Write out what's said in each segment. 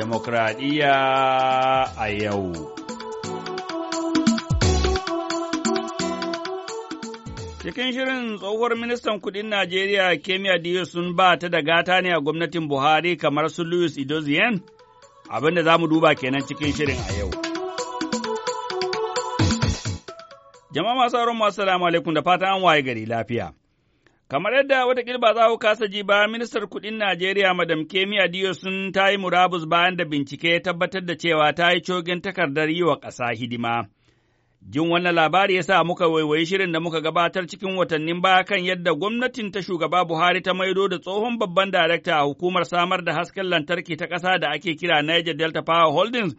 Demokradiyya a yau. Cikin shirin tsohuwar ministan kudin Najeriya Kemi Adiyo sun ba ta da gata ne a gwamnatin Buhari kamar su Louis Idozien? abinda za mu duba kenan cikin shirin a yau. Jama'a masu auren masu salamu alaikum da fatan an waye gari lafiya. Kamar yadda watakila ba za ku kasa ji ba, ministar kuɗin Najeriya Madam Kemi Adiyo sun ta yi murabus bayan da bincike ya tabbatar da cewa ta yi cogin takardar yi wa ƙasa hidima. Jin wannan labari ya sa muka waiwayi shirin da muka gabatar cikin watannin baya kan yadda gwamnatin ta shugaba Buhari ta maido da tsohon babban darakta a hukumar samar da hasken lantarki ta ƙasa da ake kira Niger Delta Power Holdings,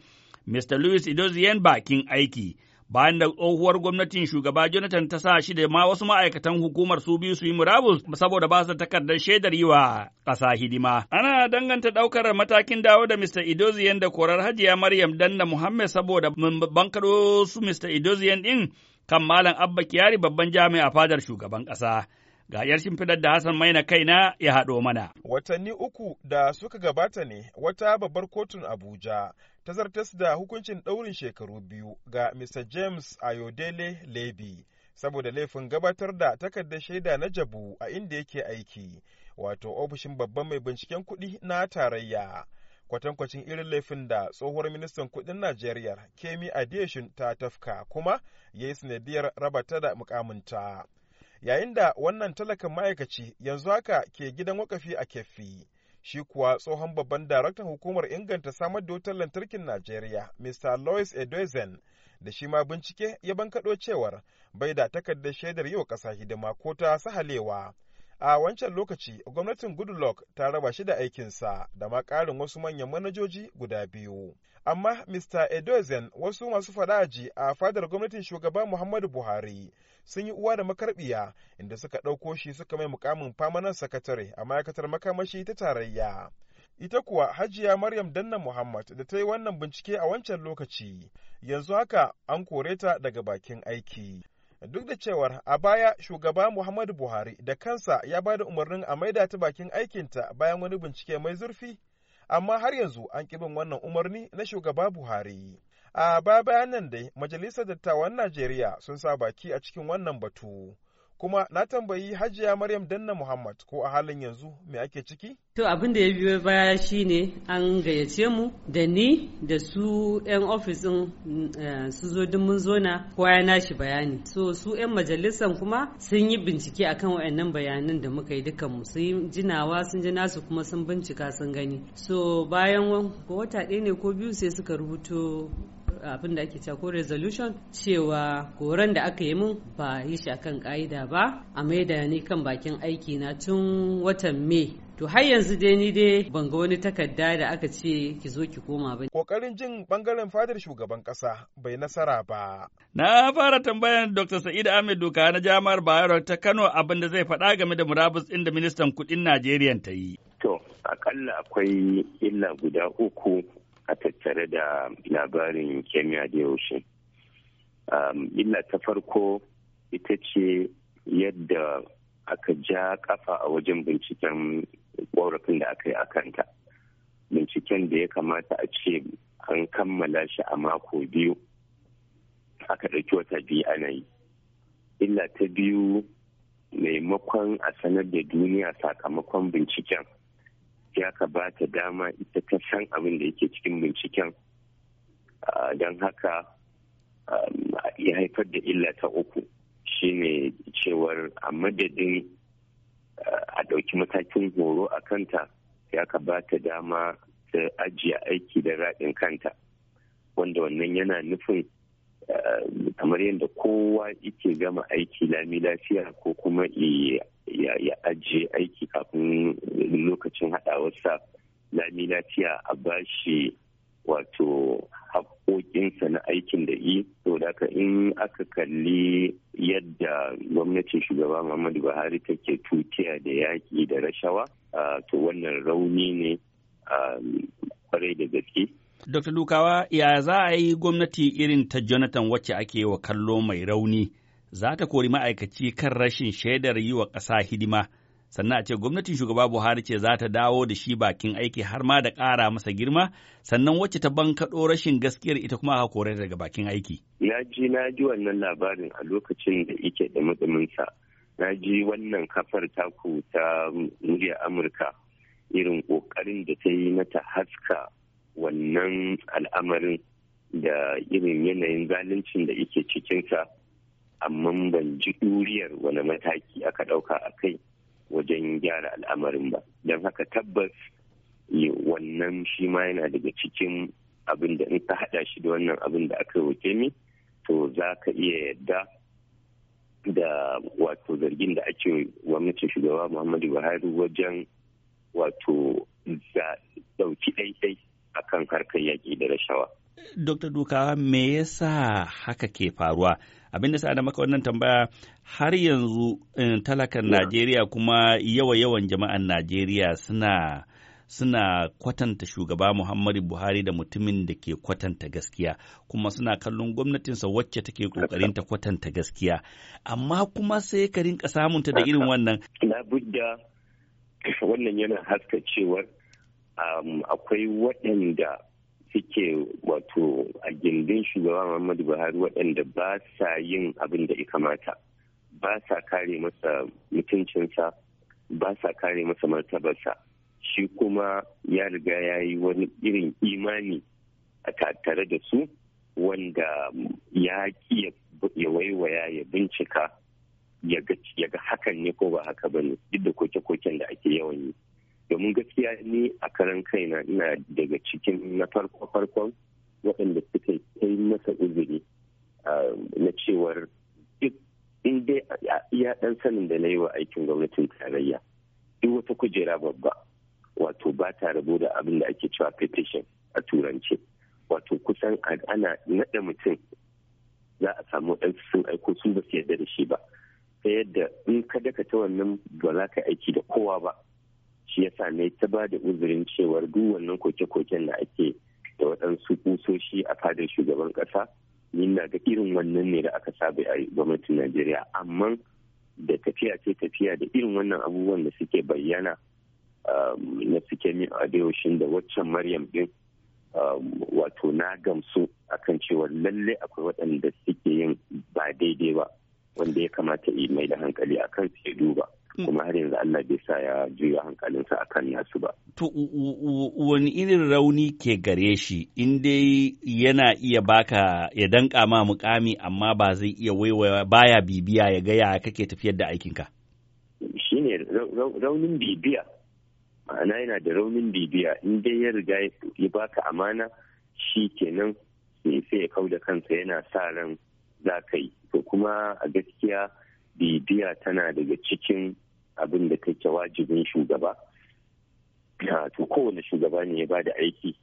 Mr. Louis Idozien bakin aiki. bayan da tsohuwar gwamnatin shugaba Jonathan ta sa shi da ma wasu ma'aikatan hukumar su biyu su yi murabus saboda ba su takardar shaidar yi wa ƙasa hidima. Ana danganta ɗaukar matakin dawo da Mr. idozian da korar Hajiya Maryam Danna Muhammad saboda bankaɗo su Mr. Idozian ɗin kan Malam Abba Kiyari babban jami'a fadar shugaban ƙasa. Ga yar shimfidar da Hassan Maina kaina ya haɗo mana. Watanni uku da suka gabata ne wata babbar kotun Abuja ta zartas da hukuncin ɗaurin shekaru biyu ga Mr. James Ayodele lebi saboda laifin gabatar da takardar shaida na jabu a inda yake aiki, wato ofishin babban mai binciken kuɗi na tarayya. kwatankwacin irin laifin da tsohuwar ministan kudin Najeriya Kemi Adeshin ta tafka kuma ya yi sanadiyar rabata da mukaminta. yayin da wannan talakan ma'aikaci yanzu haka ke gidan wakafi a kefi shi kuwa tsohon babban daraktan hukumar inganta samar da wutar lantarkin najeriya mr louis edozen da shi ma bincike ya bankaɗo cewar bai da takardar shaidar yau ƙasa hidima ko ta sahalewa a wancan lokaci gwamnatin goodluck ta raba shi da aikinsa da ma ƙarin wasu manyan manajoji guda biyu amma mr edozen wasu masu fadaji a fadar gwamnatin shugaba muhammadu buhari sun yi uwa da makarbiya inda suka ɗauko shi suka mai mukamin famanan sakatare a ma'aikatar makamashi ta tarayya. Ita kuwa Hajiya Maryam Danna Muhammad da ta yi wannan bincike a wancan lokaci, yanzu haka an kore ta daga bakin aiki. Duk da cewar a baya shugaba Muhammadu Buhari da kansa ya ba da umarnin a maida ta bakin aikinta bayan wani bincike mai zurfi, amma har yanzu an ƙi wannan umarni na shugaba Buhari. A ba nan dai Majalisar Dattawan Najeriya sun sa baki a cikin wannan batu. Kuma na tambayi Hajiya Maryam Danna Muhammad ko a halin yanzu mai ake ciki? To abin da ya biyo baya shine an gayyace mu da ni da su 'yan ofisin eh, su zo duk mun zo na kowa ya nashi bayani. So su 'yan majalisan kuma sun yi bincike akan wayannan bayanan da muka yi dukan mu sun jinawa sun ji nasu kuma sun bincika sun gani. So bayan wata ɗaya ne ko biyu sai suka rubuto abin da ake cewa ko resolution cewa koran da aka yi min ba yi shi akan ka'ida ba a maida ni kan bakin aiki na tun watan may to har yanzu dai ni dai ban ga wani takarda da aka ce ki zo ki koma ba kokarin jin bangaren fadar shugaban kasa bai nasara ba na fara tambayar dr sa'id ahmed doka na jami'ar bayero ta kano abin da zai faɗa game da murabus ɗin da ministan kuɗin najeriya ta yi to akalla akwai illa guda uku a tattare da labarin kemiya da yaushe um, illa ta farko ita ce yadda aka ja kafa a wajen binciken ƙorafin da aka yi a kanta binciken da ya kamata a ce an kammala shi a mako biyu aka ɗauki wata biyu ana yi illa ta biyu maimakon a sanar da duniya sakamakon binciken ya ka ba ta dama ita ta san abin da yake cikin binciken don haka ya haifar da illa ta uku shine cewar a madadin a ɗauki matakin horo a kanta ya ka ba ta dama ta ajiye aiki da raɗin kanta wanda wannan yana nufin kamar yadda kowa yake gama aiki lami lafiya ko kuma ya ajiye aiki kafin lokacin haɗawarsa lami lafiya a bashi wato haƙoƙinsa na aikin da yi to da in aka kalli yadda gwamnatin shugaba muhammadu buhari take tutiya da yaƙi da rashawa to wannan rauni ne kwarai da gaske Dr. Lukawa, ya za a yi gwamnati irin ta Jonathan wacce ake wa kallo mai rauni za ta kori ma'aikaci kan rashin shaidar yi wa ƙasa hidima, sannan a ce gwamnatin shugaba Buhari ce za ta dawo da shi bakin aiki har ma da ƙara masa girma, sannan wacce ta bankaɗo rashin gaskiyar ita kuma aka kore daga bakin aiki. Na ji na ji wannan labarin a lokacin da yake da matsaminsa. Na ji wannan kafar taku ta muryar Amurka irin ƙoƙarin da ta yi mata haska wannan al'amarin da irin yanayin zaluncin da yake cikinsa. amma ban ji ɗuriyar wani mataki aka ɗauka a kai wajen gyara al'amarin ba don haka tabbas wannan shi ma yana daga cikin abin da in ka haɗa shi da wannan abin da aka roke mi to za ka iya yadda da wato zargin da ake gwamnatin shugaba muhammadu buhari wajen wato ɗauki ɗaiɗai akan harkar yaƙi da rashawa. Dr. Dukawa me yasa haka ke faruwa? abin da sa da maka wannan tambaya har yanzu eh, talakan Najeriya kuma yawa yawan jama'an Najeriya suna suna kwatanta shugaba Muhammadu Buhari da mutumin da ke kwatanta gaskiya kuma suna kallon gwamnatinsa wacce take kokarin ta kwatanta gaskiya amma kuma sai ka rinka samunta da irin wannan labudda wannan yana haska cewar um, akwai waɗanda suke wato a gindin shugaban muhammadu buhari waɗanda ba sa yin abin da ya kamata ba sa kare masa mutuncinsa ba sa kare masa martabarsa shi kuma ya riga ya yi wani irin imani a tattare da su wanda ya ki ya waiwaya ya bincika ya ga hakan ne ko ba haka ba ne duk da koke-koken da ake yawan yi. domin gaskiya ni a karan kaina ina daga cikin na farko farkon waɗanda suka kai masa uzuri na cewar duk inda ya ɗan sanin da na yi wa aikin gwamnatin tarayya duk wata kujera babba wato ba ta rabo da abin da ake cewa petition a turance wato kusan ana naɗa mutum za a samu ɗan sun aiko su ba su yadda da shi ba ta yadda in ka daka ta wannan ba za ka aiki da kowa ba shi yasa ne ta ba da uzurin cewar duk wannan koke-koken da ake da waɗansu kusoshi a fadar shugaban ƙasa ni na ga irin wannan ne da aka saba a gwamnatin najeriya amma da tafiya ce tafiya da irin wannan abubuwan da suke bayyana um, na suke min adewashin da waccan maryam din um, wato na gamsu akan cewa lalle akwai waɗanda suke yin ba daidai ba wanda ya kamata yi mai da hankali akan su duba kuma har yanzu Allah bai sa ya juya hankalinsa a kan yasu ba. To, wani irin rauni ke gare shi, in dai yana iya baka ya danka ma mukami amma ba zai iya waiwaya baya bibiya ya gaya kake tafiyar da aikinka. Shi ne raunin bibiya, ma'ana yana da raunin bibiya, in dai ya riga ya baka amana shi kenan sai ya kau da kansa yana sa ran za ka yi. To kuma a gaskiya bibiya tana daga cikin abin da kake wajibin shugaba ah, to kowane shugaba ne ya bada aiki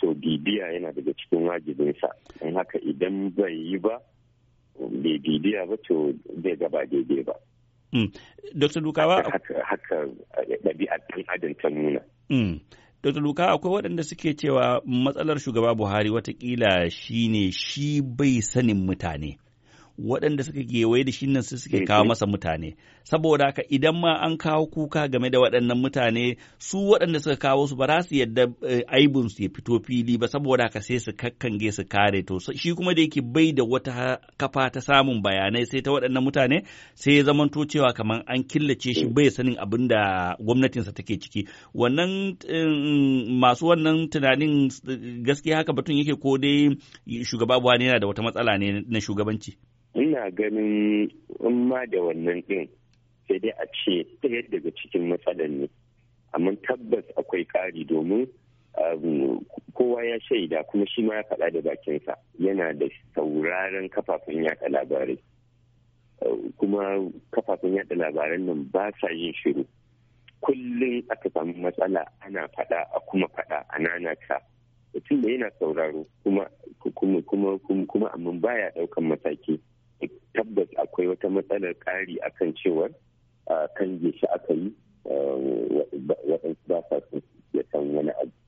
to bibiya yana daga cikin wajibinsa don haka idan bai yi ba bai bibiya ba to bai gaba daidai ba mm. Dr. Lukawa haka eh, ɗabi'ar ɗan adam ta nuna. Mm. Dr. Luka akwai waɗanda suke cewa matsalar shugaba Buhari watakila shi ne shi bai sanin mutane. waɗanda suka gewaye da shi nan suke eh, kawo eh. masa mutane saboda haka idan ma an kawo kuka game da waɗannan mutane su waɗanda suka kawo su ba za su yadda eh, aibin su ya fito fili ba saboda haka sai su kakkange su kare to shi kuma da yake bai da wata kafa ta samun bayanai sai ta waɗannan mutane sai ya zamanto cewa kamar an killace shi bai sanin abin da gwamnatinsa take ciki wannan masu wannan tunanin gaskiya haka batun yake ko dai shugaba buhari yana da wata matsala ne na shugabanci ina ganin in ma da wannan din sai dai a ce ɗaya daga cikin matsalar ne amma tabbas akwai ƙari domin um, kowa ya shaida kuma shi ma ya faɗa da bakinsa yana da sauraron kafafen yaɗa labarai uh, kuma kafafen yaɗa labaran nan ba sa yin shiru kullum aka samu matsala ana faɗa a kuma faɗa a nanaka mutum da yana sauraro kuma kuma kuma kuma amma baya ɗaukan mataki tabbas akwai wata matsalar kari akan cewar kan shi aka yi um, waɗansu ba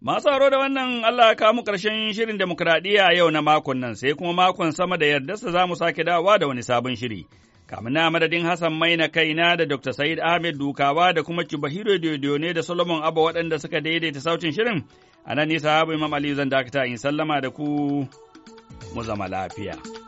Masu haro da wannan Allah ya kamu ƙarshen shirin demokuraɗiyya yau na makon nan sai kuma makon sama da yardarsa za mu sake dawowa da wani sabon shiri. Kamun na madadin Hassan Maina kaina da Dr. Said Ahmed Dukawa da kuma Cibahiro ne da Solomon Abba waɗanda suka daidaita sautin shirin. A nan nisa Imam Ali zan dakata in sallama da ku mu zama lafiya.